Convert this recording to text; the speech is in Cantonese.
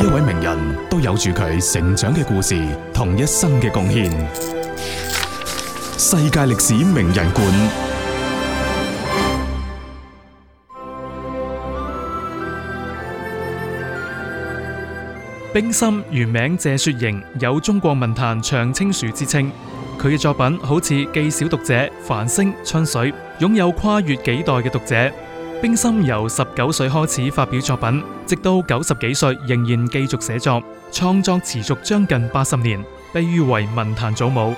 一位名人都有住佢成長嘅故事，同一生嘅貢獻。世界歷史名人館。冰心原名謝雪瑩，有中國文壇長青樹之稱。佢嘅作品好似《寄小讀者》《繁星》《春水》，擁有跨越幾代嘅讀者。冰心由十九歲開始發表作品，直到九十幾歲仍然繼續寫作，創作持續將近八十年，被譽為文壇祖母。